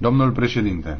Domnul președinte.